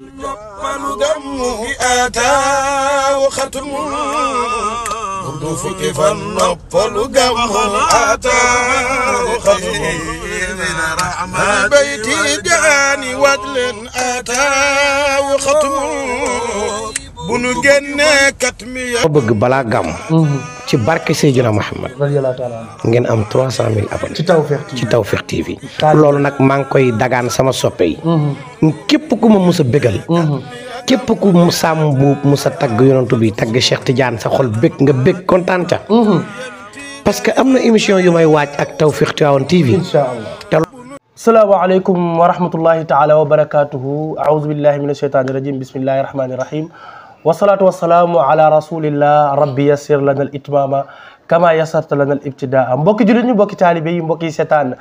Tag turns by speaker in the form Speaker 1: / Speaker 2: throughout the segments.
Speaker 1: يقبل
Speaker 2: دمه أتى وختم برضوف كيف النبل دمه أتى وختم
Speaker 1: من
Speaker 2: رحمة بيتي جاني ودل أتى وختم بنو جنة كتمية
Speaker 1: بغ بلا ci barke Seydina Mouhamed ngeen am trois cent mille abonnés ci Tawfekh TV loolu nag maa ngi koy dagaan sama soppe yi mm-hmm. képp ku ma mus a bégal mm-hmm. képp ku mu sàmm bu mu tagg yonantu bi tagg Cheikh Tidiane sa xol bég nga bég kontaan ca mm-hmm. parce que am na émission yu may waaj ak Tawfekh Tivaouane TV salaamaaleykum wa rahmatullahi taala wa barakaatuhu aouzu billahi min asheytaani rajim bismillahi rahmaani rahim والصلاة والسلام على رسول الله ربي يسر لنا الإتمام كما يسرت لنا الابتداء مبوكي جلوني مبوكي تالبي مبوكي سيطان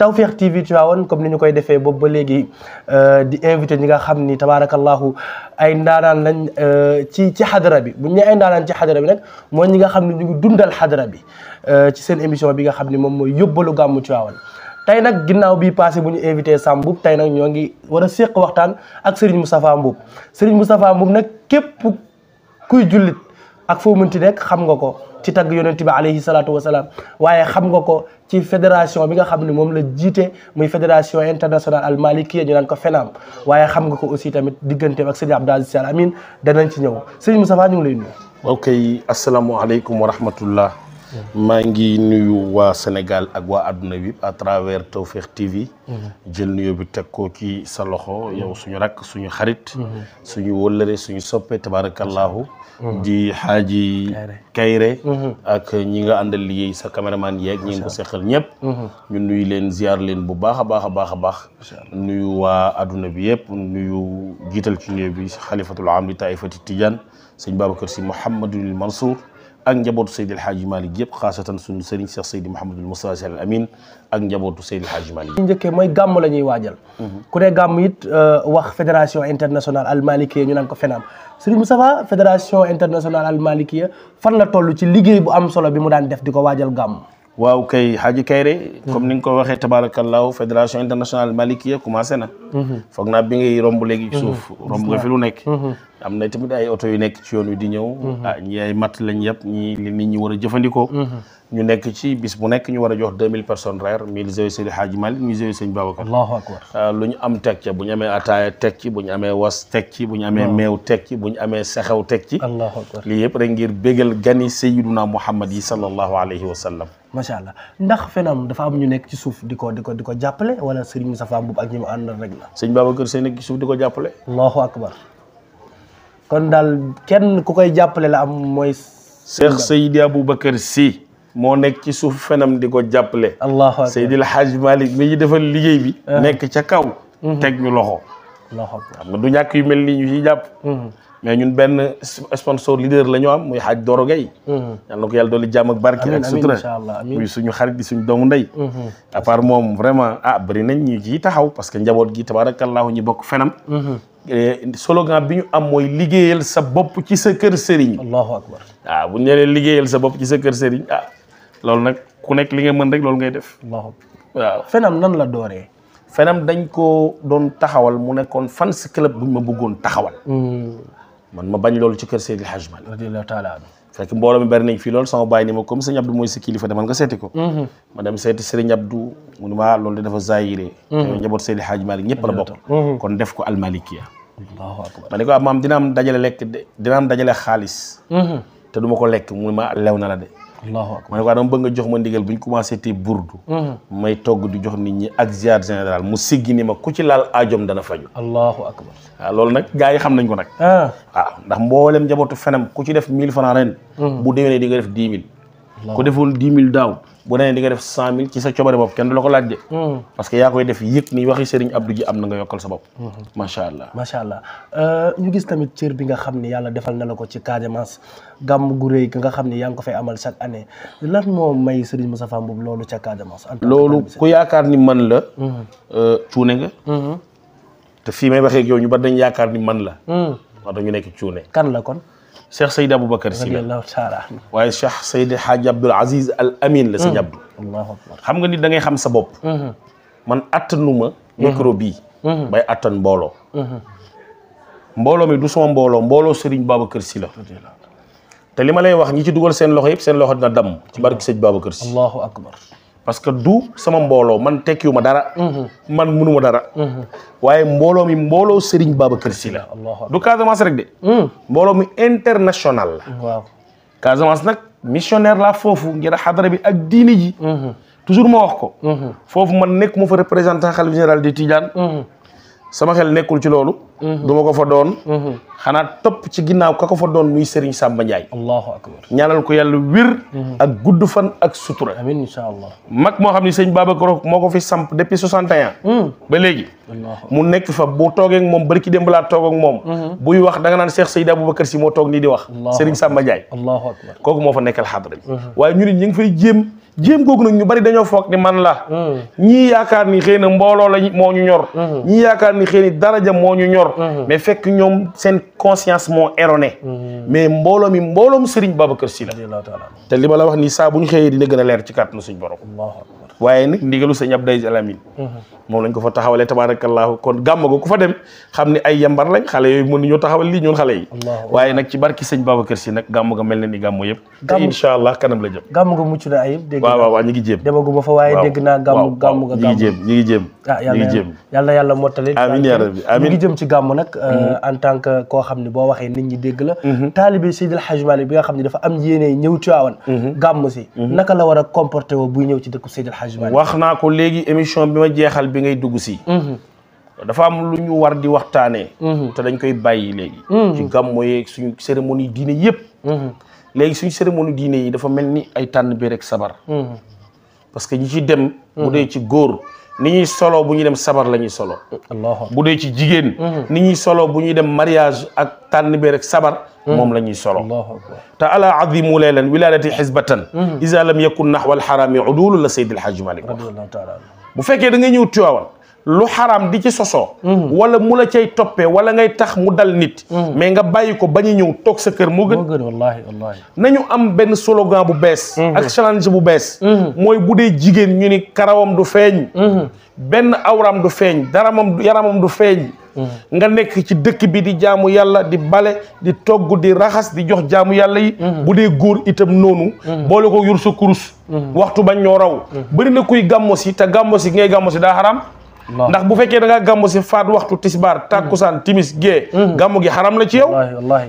Speaker 1: توفيق تي في تواون كم ني نكوي دفي بوب بليغي آه، دي انفيتي نيغا خامني تبارك الله اي ندانان لن آه، تي تي حضره بي بو ني اي ندانان تي حضره بي نك مو نيغا خامني نيغي دوندال حضره بي آه، تي سين اميسيون بيغا خامني موم مو يوبلو غامو تواون tay nak ginnaw bi passé buñu invité sambou tay nak ñongi wara séq waxtaan ak serigne moustapha mbou serigne moustapha mbou nak képp kuy jullit ak foo ti nekk xam nga ko ci tagg yonent bi alayhi salaatu wasalaam waaye xam nga ko ci fédération bi nga xam ne moom la jiite muy fédération internationale al malikiya ñu naan ko FENAM waaye xam nga ko aussi tamit digganteem ak sëñ Abdou Aziz Al Amin danañ ci ñëw sëñ Moustapha ñu ngi lay nuyu.
Speaker 2: ok asalaamualeykum wa rahmatullah maa ngi nuyu waa Sénégal ak waa àdduna bi à travers Tawfekh TV. Mm-hmm. jël nuyoo bi teg ko ci sa loxo mm-hmm. yow suñu rakk suñu xarit. Mm-hmm. suñu wëllëre suñu soppe tabaarakallaahu di xaaji Kayre. ak ñi nga àndal liggéey sa caméraman yeeg ñi nga ko seqal ñëpp. ñu nuyu leen ziar leen bu baax a baax a baax a baax. nuyu waa àdduna bi yëpp nuyu jiital ci nuyoo bi xalifatul am li taifati Tidiane sëñ Babacar si Mouhamadul Mansour. ak njabootu Seydi El Hadji Malick yëpp xaasatan suñu sëriñ Cheikh Seydi Mouhamadul Moustapha Sy Al Amin ak njabootu Seydi El Hadji Malick ñu
Speaker 1: njëkkee mooy gàmm la ñuy waajal ku ne gàmm it wax fédération internationale al malikiya ñu naan ko FENAM Sëriñ Moustapha fédération internationale al malikiya fan la toll ci liggéey bu am solo bi mu daan def di ko waajal gàmm
Speaker 2: waaw kay Hadji Kayre comme hmm. ni nga ko waxee tabaarakallaahu fédération internationale malikiya commencé na
Speaker 1: hmm.
Speaker 2: foog naa bi ngay romb léegi ci hmm. suuf romb nga lu nekk am na tamit ay oto yu nekk ci yoon wi di ñëw ah ñi ay matt lañ yëpp ñi li nit ñi war a jëfandikoo ñu nekk ci bis bu nekk ñu war a jox deux mille personnes reer mille zéro sëñ Hadji Malick mille zéro sëñ Babacar ah, lu ñu am teg ca bu ñu amee ataaya teg ci bu ñu amee was teg ci bu ñu amee meew teg ci bu ñu amee sexew teg ci
Speaker 1: allahu akbar
Speaker 2: lii yëpp rek ngir bégal gani sayyiduna Muhammad yi sallallahu alayhi wa sallam
Speaker 1: macha allah ndax fenam dafa am ñu nekk ci suuf di ko di ko di ko jàppale wala sëriñ Moustapha Mboup ak ñi mu àndal rek la.
Speaker 2: sëñ Babacar Sy nekk di ko jàppale.
Speaker 1: allahu akbar kon daal kenn ku koy jàppale la am mooy.
Speaker 2: Cheikh Seydi Aboubacar Sy moo nekk ci suuf fenam di ko jàppale. allahu akbar Seydi El Hadj Malick mi ñu defal liggéey bi. Ah. nekk ca kaw. Mhm. teg ñu loxo. loxo am na du ñàkk yu mel nii ñu ciy jàpp. Mhm. mais ñun benn sponsor leader la ñu am mooy xaaj Doro Gueye. Mm-hmm. yal na ko yàlla dolli jàmm ak barke ak sutura muy suñu xarit di suñu doomu ndey. Mm-hmm. à part moom vraiment ah bëri nañ ñu ciy taxaw parce que njaboot gi tabaarakallaahu ñu bokk fenam. Mm-hmm. slogan bi ñu am mooy liggéeyal sa bopp ci sa kër sëriñ. allahu akbar ah, bu ñu nee liggéeyal sa bopp ci sa kër ah loolu nag ku nekk li nga mën rek loolu ngay def. waaw fenam nan la dooree. fenam dañ ko doon taxawal mu nekkoon fans club bu ñu ma bëggoon taxawal.
Speaker 1: Mm.
Speaker 2: man ma bañ lool ci kër Seydil Hadj Malick radiyallahu taala fekk mbooloo mi bari nañ fii loolu sama bàyyi ni ma comme sëñ Abdou mooy si kilifa demal nga seeti ko mm-hmm. ma dem seeti Serigne Abdou ma ah, loolu de dafa zaayire mm-hmm. yow la bokk mm-hmm. kon def ko almalikiya ma ne ko ah, maam dina am dajale lekk dina am dajale xaalis te du ko lekk mu ma lew na la de ma ne ko dama bëgg nga jox ma ndigal bu ñu commencé te burdu mhm. may togg di jox nit ñi ak ziar mu siggi ni ma ku ci laal ajom dana faju allahu akbar waaw ah, loolu nag gars yi xam nañ ko nag waaw ah. ah, ndax mboolem njabootu fenam ku ci def mille francs ren mhm. bu déwénee di nga def dix mille ku deful dix mille daaw bu nee di nga def cent mille ci sa coobare bopp kenn du la ko laaj de. Hmm. parce que yaa koy def yëg ni waxi Serigne Abdou ji am na nga yokkal sa bopp.
Speaker 1: Hmm. allah euh, ñu gis tamit cër bi nga xam ni yàlla defal na la ko ci Casamance gàmm gu rëy nga xam ni yaa ngi ko fay amal chaque année lan moo may Serigne Moustapha Mboup loolu ca Casamance.
Speaker 2: loolu ku yaakaar ni man la. Hmm. Euh, cuune nga. te fii may waxee ak yow ñu bari dañ yaakaar ni man la.
Speaker 1: wax
Speaker 2: dañu nekk cuune. kan la kon. cheikh Seydou Aboubacar Sy la waaye cheikh Seydou Hadj Abdoul Aziz Al Amin la sëñ mm.
Speaker 1: Abdou.
Speaker 2: xam nga ni da ngay xam sa bopp. Mm-hmm. man attanu ma. micro mm-hmm. bii. Mm-hmm. bay attan mbooloo. mbooloo mi du sama mbooloo mbooloo Serigne Babacar Sy la. te li ma lay wax ñi ci dugal seen loxo yëpp seen loxo dina damm ci barke sëñ Babacar Sy. parce que du sama mbooloo man tekkiwu ma dara. Mhm. man munuma dara. Mhm. waaye mbooloo mi mbooloo Serigne Babacar Sy la. du Casamance rek de. Mm. mbooloo mi international la. waaw Casamance nag missionnaire la foofu ngir xadara bi ak diini ji. Mhm. toujours ma wax ko. foofu man nekk mu fa représentant xalif général de Tidiane. sama xel nekkul ci loolu. Mm-hmm. duma ko fa doon mm-hmm. xana top ci ginnaaw kako fa doon muy Serigne Samba Ndiaye allahu akbar ñaanal ko yalla wir mm-hmm. ak gudd fan ak sutura amin inshallah mak mo xamni serigne ne sëñ Babacar fi samp depuis 61 et mm. ba legi mu nek fa bu toge ak mom barki démb laa toog ak mom buy wax da nga nan Cheikh Seydi Aboubacar si mo toog ni di wax Serigne Samba Ndiaye
Speaker 1: allahu akbar
Speaker 2: koku mo fa nekkal hadra way ñu nit ñu ngi fay jëm jëm googu nak ñu bari dañoo fokk ni man la mm. ñi yaakaar ni xeyna mbolo la moo ñu ñor ñi yaakaar ni xeyni daraja moo ñu ñor Mhm. mais fekk ñom sen conscience mo erroné. Mhm. mais mbooloo que Serigne Babacar que la. waaye nag ndigalu sëñ Abdou Aziz Al Amine
Speaker 1: mm-hmm.
Speaker 2: moom lañ ko fa taxawalee tabaarakallaahu kon gàmm ga fa dem xam ne ay yambar lañ xale yooyu mën ñoo taxawal lii ñun xale yi waaye nag ci la jëm
Speaker 1: gàmm ga mucc na ayib dégg waaw waaw waaw
Speaker 2: ñu ngi jéem demaguma fa waaye dégg naa gàmm gàmm ga ñu ngi jéem ñu ngi jéem ah yàlla
Speaker 1: yàlla yàlla mottali amiin yaa rabbi amiin ñu ngi jëm ci gàmm nag euh, mm-hmm. en tant que nit ñi mm-hmm. Tiwaawan gàmm si naka la war a comporté woo buy ñëw ci dëkku Seydil Hadji wax
Speaker 2: naa ko léegi émission bi ma jeexal bi ngay dugg si. Mhm. dafa am lu ñu war di waxtaanee. Mhm. te dañ koy bàyyi léegi. Mhm. ci gàmmu yeeg suñu cérémonie diine yëpp. léegi suñu cérémonie diine yi dafa mel ni ay tànn bi rek sabar. parce que ñi ci dem. bu dee ci góor. ni ñuy solo bu ñuy dem sabar la ñuy solo bu dee ci jigéen mhm. ni ñuy solo bu ñuy dem mariage ak tànn bi rek sabar mhm. moom la ñuy solo te ala azimu laylan wiladati xisbatan mhm. isa lam yakun naxwa alxarami udulu la sayd alxaaji malik bu fekkee da nga ñëw Tiwaawan lu xaraam di ci sosoo mhm. wala mu la cay toppee wala ngay tax mu dal nit mhm. mais nga bàyyi ko bañu ñëw toog sa kër moo gën wallaahi wallaahi nañu am benn slogan bu bees mhm. ak challenge bu bees mooy bu dee jigéen ñu ni karawam du feeñ benn awram du feeñ daramam yaramam du feeñ nga nekk ci dëkk bi di jaamu yàlla di bale di togg di raxas di jox jaamu yàlla yi bu dee góor itam noonu boole ko yur sa kurus waxtu bañ ñoo raw bëri na kuy gàmmo si te gàmmo si ngay gàmmo si daa xaraam ndax bu fekkee da ngaa gàmmu si faat waxtu tisbaar mm. takkusaan timis gee mm. gàmmu gi xaram la ci yow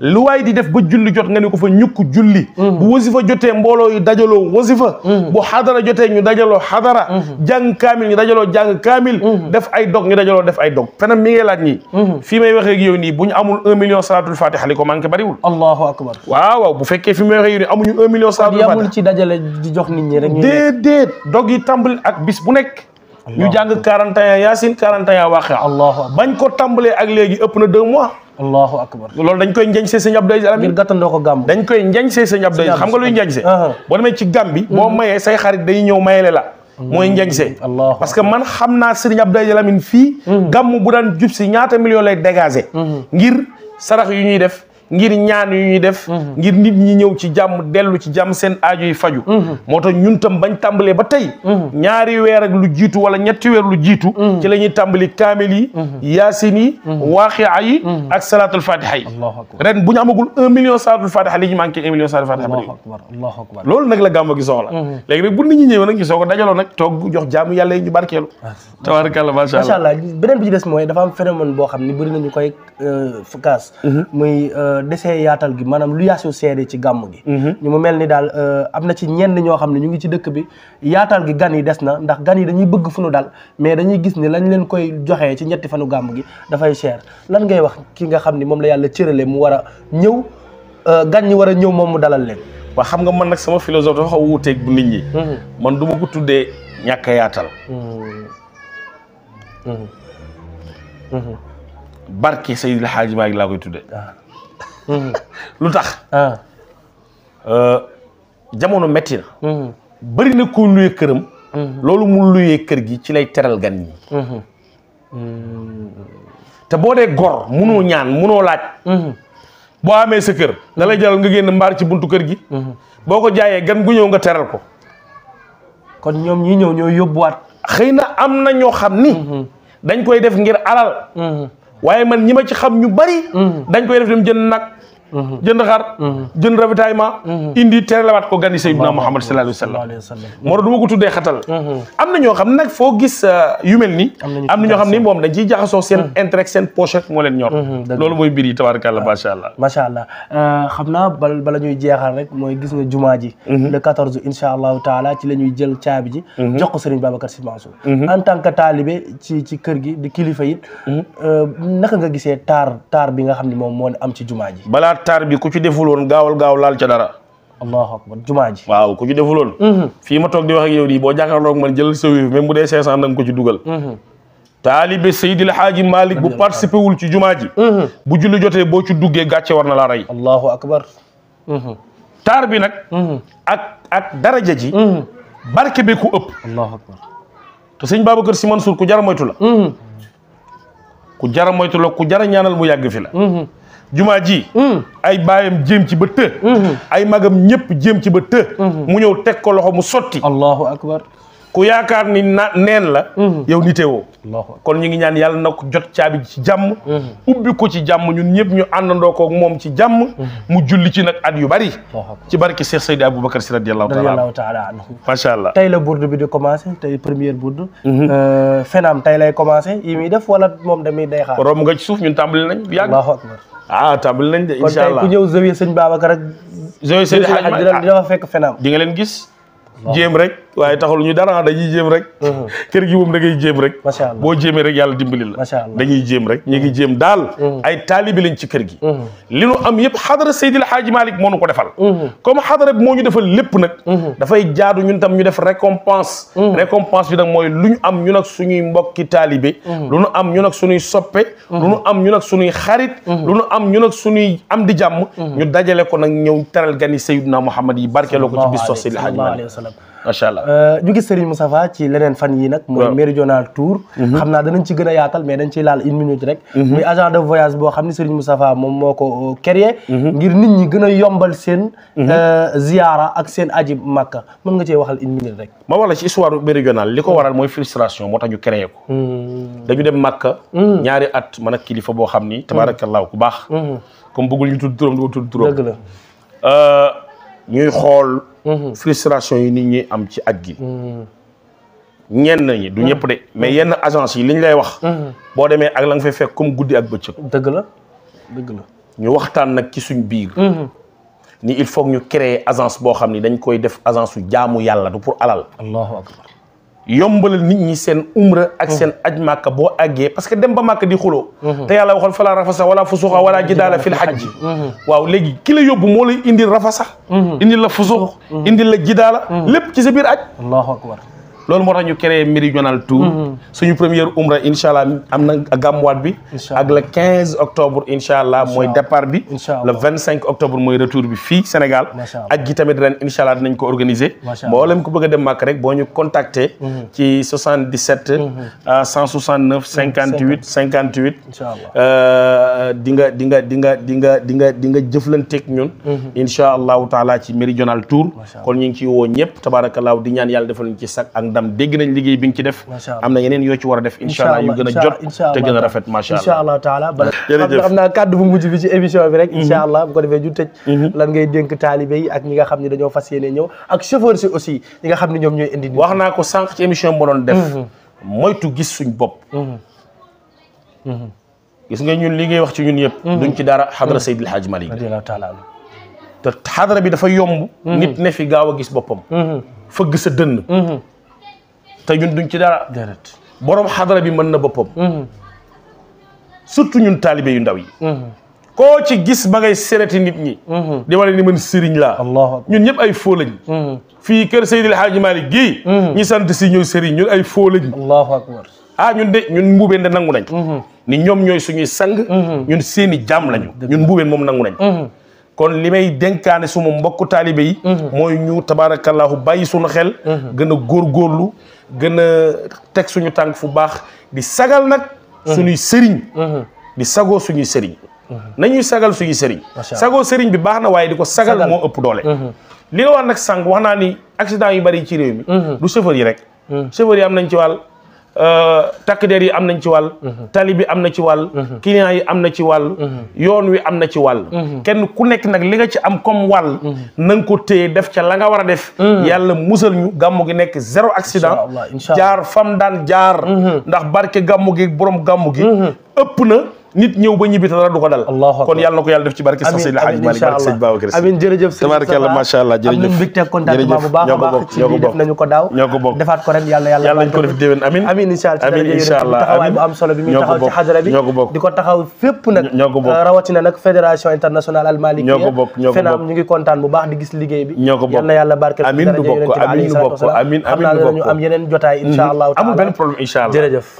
Speaker 2: lu waaye di def ba julli jot nga ne ko fa ñukk julli mm. bu wasifa jotee mbooloo yu dajaloo wasifa bu xadara jotee ñu dajaloo xadara jàng kaamil ñu dajaloo jàng kaamil def ay dog ñu def ay dog fenam mi ngay ñi fii may waxee ak yow nii bu amul un million salaatul fatiha ko manqué bariwul allahu akbar waaw waaw bu fekkee fi may waxee yow nii amuñu un million salaatul fatiha dajale di jox nit ñi rek déedéet dog yi tàmbali ak bis bu nekk ñu jang 41 yasin 41 waqi allahu bañ ko tambalé ak légui ëpp na 2 mois allahu akbar lool dañ koy njañ sé sëñ Abdou Aziz Alamine ngir gàttandoo ko gàmm dañ koy njañ sé sëñ Abdou Aziz xam nga luy njañ sé bo demé ci gàmm bi boo hmm. mayee say xarit day ñëw mayélé la moy njañ sé parce que man xamna naa Abdou Aziz Alamine fii hmm. bu daan jub ñaata million lay dégager hmm. ngir sarax yu ñuy def ngir ñaan yu ñuy def mhm. ngir nit ñi ñëw ci jàmm dellu ci jàmm seen aajo yi faju mhm. moo tax ñun tam bañ tàmbalee ba tey mhm. ñaari weer ak lu jiitu wala ñetti weer lu jiitu ci la ñuy tàmbali kaamil yi yaasin yi waaqia yi ak salaatul fatiha yi ren bu ñu amagul un million salaatul fatiha li ñu manqué un million salaatul fatiha allahu
Speaker 1: akbar allahu akbar
Speaker 2: loolu nag la gi soxla léegi nag bu nit ñi ñëwee nag ñu soo ko dajaloo nag toog jox jaamu yàlla yi ñu barkeelu tabarakàllah ah, macha allah
Speaker 1: beneen bi ci des mooy dafa am phénomène boo xam ni bëri nañu koy euh, kaas euh, desee yaatal gi maanaam lu yaasu seede ci gàmm gi mhm. ñu mu mel ni daal euh, am na ci ñenn ñoo xam ne ñu ngi ci dëkk bi yaatal gi gan yi des na ndax gan yi dañuy bëgg fu nu dal mais dañuy gis ni lañ leen koy joxee ci ñetti fanu gàmm gi dafay cher lan ngay wax ki nga xam ni moom la yàlla cërale mu war a ñëw euh, gan ñi war a ñëw moom mu dalal leen waa xam nga man nag sama philosophe dafa xaw wuuteeg bu nit ñi mhm. man du ma ko tuddee
Speaker 2: ñàkk yaatal mhm. barke Seydil Hadji Malick laa lu tax. Ah. Euh, jamono metti na. Hmm. bëri na ko luyee këram. Hmm. lolu mu luyee kër gi ci lay teral gan hmm. te boo gor munu ñaan munu laaj. boo amee sa na lay jaral nga génn mbaar ci buntu kër gi. ko jaya gan gu nga teral ko. kon nyom ñi ñëw ñoo yóbbuwaat. xëy amna am na ni. dan koy def ngir alal. waye man ñima nyubari, ci xam ñu bari. dañ koy def dem jënd nak Mm-hmm. jënd xar mm-hmm. jënd ravitaillement mm-hmm. indi teeralewaat ko gani sayyidina Muhammad sallallahu alayhi wa sallam moo tax du ma ko tuddee xatal am na ñoo xam ne nag foo gis uh, yu mel ni am na ñoo xam ne moom dañ ciy jaxasoo seen intérêt seen poche moo leen ñor loolu mooy mbir yi tabaarkalla macha allah
Speaker 1: macha allah euh, xam naa bala ñuy jeexal rek mooy gis nga jumaa ji le quatorze insha allahu taala ci la jël caabi ji jox ko Serigne Babacar Sy Mansour en tant que ci ci kër gi di kilifa yi euh, naka nga gisee taar taar bi nga xam ne moom moo am ci jumaa ji
Speaker 2: attaar bi defuloon gaawal gaaw laal ca dara
Speaker 1: allahu akbar jumaa
Speaker 2: ji waaw ku ci defuloon mhm. fii ma toog di wax ak yow di boo jàkkaarloog man jël sa wiif même bu dee cinq cent da nga ko ci mhm. Haaji Malick bu participé wul ci jumaa ji mhm. bu julli jotee boo ci duggee gàcce war na laa rey allahu akbar taar bi nag ak ak daraja ji barke bi ku ëpp allahu akbar te sëñ Babacar Sy Mansour ku jar moytu la ku jar moytu la ku jar ñaanal yàgg fi la jumaa ji mm. ay baayam jéem ci ba të mm-hmm. ay magam ñëpp jéem ci ba të mm-hmm. mu ñëw teg ko loxo mu sotti allahu akbar ku yaakar ni na neen la mhm. yow wo kon ñi ngi ñaan yalla na jot ciabi ci jàmm mhm. ubbi ko ci jàmm ñun ñepp ñu andando ko mom ci jàmm mhm. mu julli ci nak at yu bari ci barki Cheikh Seydi Aboubacar Sy radiyallahu taala anhu macha allah
Speaker 1: tey la bourde bi di commencer tay première bourde euh, fenam tay lay commencer yi mi def wala moom damay day xaar rom nga
Speaker 2: ci suuf ñun tambal nañ yàgg allahu akbar ah tambal nañ de inshallah kon tay ku
Speaker 1: ñew zawiya seigne babakar ak zawiya seigne hadji dina
Speaker 2: fekk fenam di nga len gis jéem rek waaye taxul ñu dara dañuy jéem rek mhm. kër gi moom da ngay jéem rek macha allah boo jéemee rek yàlla dimbali la macha allah dañuy jéem rek ñu ngi jéem daal mhm. ay taalibi lañ ci kër gi mhm. li nu am yëpp xadara Seydil Haaji Malick moo nu ko defal comme xadara bi moo ñu defal lépp nag dafay jaadu ñun tam ñu def récompense récompense bi nag mooy lu ñu am ñun ak suñuy mbokki taalibe lu nu am ñu ak suñuy soppe lu nu am ñu ak suñuy xarit lu nu am ñun ak suñuy am di jàmm ñu dajale ko nag ñëw teral gani Seydina Muhammad yi barkeeloo ko ci bis sox Seydil Haaji macha allah
Speaker 1: euh, ñu gis Serigne Moustapha ci leneen fan yi nag mooy méridional tour mhm. xam naa danañ ci gën a yaatal mais dañ ciy laal une minute rek mhm. muy agent de voyage boo xam ne Serigne Moustapha moom moo ko euh, créé mhm. ngir nit ñi gën a yombal seen euh, ziyaara ak seen aji Makka mën nga cee waxal une minute rek
Speaker 2: ma wax la ci histoire méridional li ko waral mooy frustration moo tax ñu créé ko dañu dem Makka ñaari at man ak kilifa boo xam ni tabaarakallaahu ku baax comme bëggul ñu tudd turam xool Mm-hmm. frustration yi nit ñi am ci aj gi mm-hmm. ñenn ñi du ñëpp de mm-hmm. mais yenn agence yi liñ lay wax boo demee ak la nga fay fekk comme guddi ak bëccëg dëgg la dëgg la ñu waxtaan nag ci suñ biir ni il faut ñu créer agence boo xam ni dañ koy def agence su jaamu yàlla du pour alal
Speaker 1: allahu akbar
Speaker 2: yombal nit ñi seen umra ak seen ajma ka bo agge parce que dem ba màkka di xulo te yàlla waxoon fala rafasa wala fusuxa wala jidala fil hajj waaw legi ki la yóbbu mo lay indi rafasa indi la fusux indi la jidala lépp ci sa bir aj allahu akbar loolu moo tax ñu créé méridional tour mm-hmm. suñu première umra incha allah am na gàmmuwaat bi ak le 15 octobre incha allah mooy départ bi le 25 octobre mooy retour bi fii Sénégal aj gi tamit ren incha allah dinañ ko organiser mboolem ku bëgg a dem màkk rek boo ñu contacter mm-hmm. ci 77 169 58 58 di nga di nga di nga di nga di nga di nga jëflanteeg ñun mm-hmm. incha allahu taala ci méridional tour kon ñu ngi ciy woo ñëpp tabaarakallaahu di ñaan yàlla defal ñu ci sax ak ndam dégg nañ liggéey bi nga ci def am na yeneen yoo ci war a def incha allah yu gën a jot a rafet macha allah incha
Speaker 1: allah taala ba jërëjëf am mujj bi ci émission bi rek mhm. incha allah bu ko defee ju tëj mhm. lan ngay dénk taalibe ak ñi nga xam ne dañoo fas yéene ñëw ñoom wax naa ko sànq ci émission bi doon def mhm.
Speaker 2: moytu gis suñ bopp gis nga ñun li wax ci ñun yëpp duñ ci dara xadra Seydil Hadj Malick te xadra bi dafa yomb nit ne fi gaaw a gis boppam fëgg sa te ñun duñ ci dara. déedéet borom xadara bi mën na boppam. Mm-hmm. surtout ñun taalibe yu ndaw yi. Mm-hmm. koo ci gis ba ngay sereti nit ñi. Mm-hmm. di wane ni man sëriñ laa. ñun ñëpp ay foo lañ. fii kër Seydil Hadji Malick gii. ñi sant si ñooy sëriñ ñun ay foo lañ. allahu akbar ah ñun de ñun mbuubeen de nangu nañ. ni ñoom ñooy suñuy sang. ñun seeni jaam lañu. ñun mbuubeen moom nangu nañ. kon li may dénkaane suma mbokku taalibe yi. mooy ñu tabaarakallahu bàyyi suñu xel. gën a góorgóorlu. gën a teg suñu tànk fu baax di sagal nag suñuy sëriñ di sagoo suñuy sëriñ nañuy sagal suñuy sëriñ sagoo sëriñ bi baax na waaye di ko sagal moo ëpp doole mhm. li nga wax nag sànq wax naa ni accident yu bari ci réew mi mhm. du chauffeur yi rek mhm. chauffeur am nañ ci wàll Euh, takk der yi am nañ ci wàll mhm. tali bi am na ci wàll mhm. client yi am na ci wàll mhm. yoon wi am na ci wàll kenn ku nekk nag li nga ci am comme wàll nan ko téye def ca la nga war a def yàlla musal ñu gàmmu gi nekk zéro accident jaar fam daan jaar ndax barke gàmmu gi borom gàmmu gi ëpp na nit ñëw ba ñibbi te dara dal kon yàlla na ko yàlla def ci barke sax Seydi Hadji Malick barke Seydi Babacar Sy amiin jërëjëf sëñ tabaarkalla
Speaker 1: macha allah solo bi muy taxaw ci xadara bi di ko taxaw fépp nag ñoo ko bokk euh, rawatina nag fédération internationale al malikiya ñoo ñu ngi kontaan bu baax di gis liggéey bi ñoo ko bokk yal na bokk am yeneen jotaay incha mhm. allah amul benn problème
Speaker 2: incha allah jërëjëf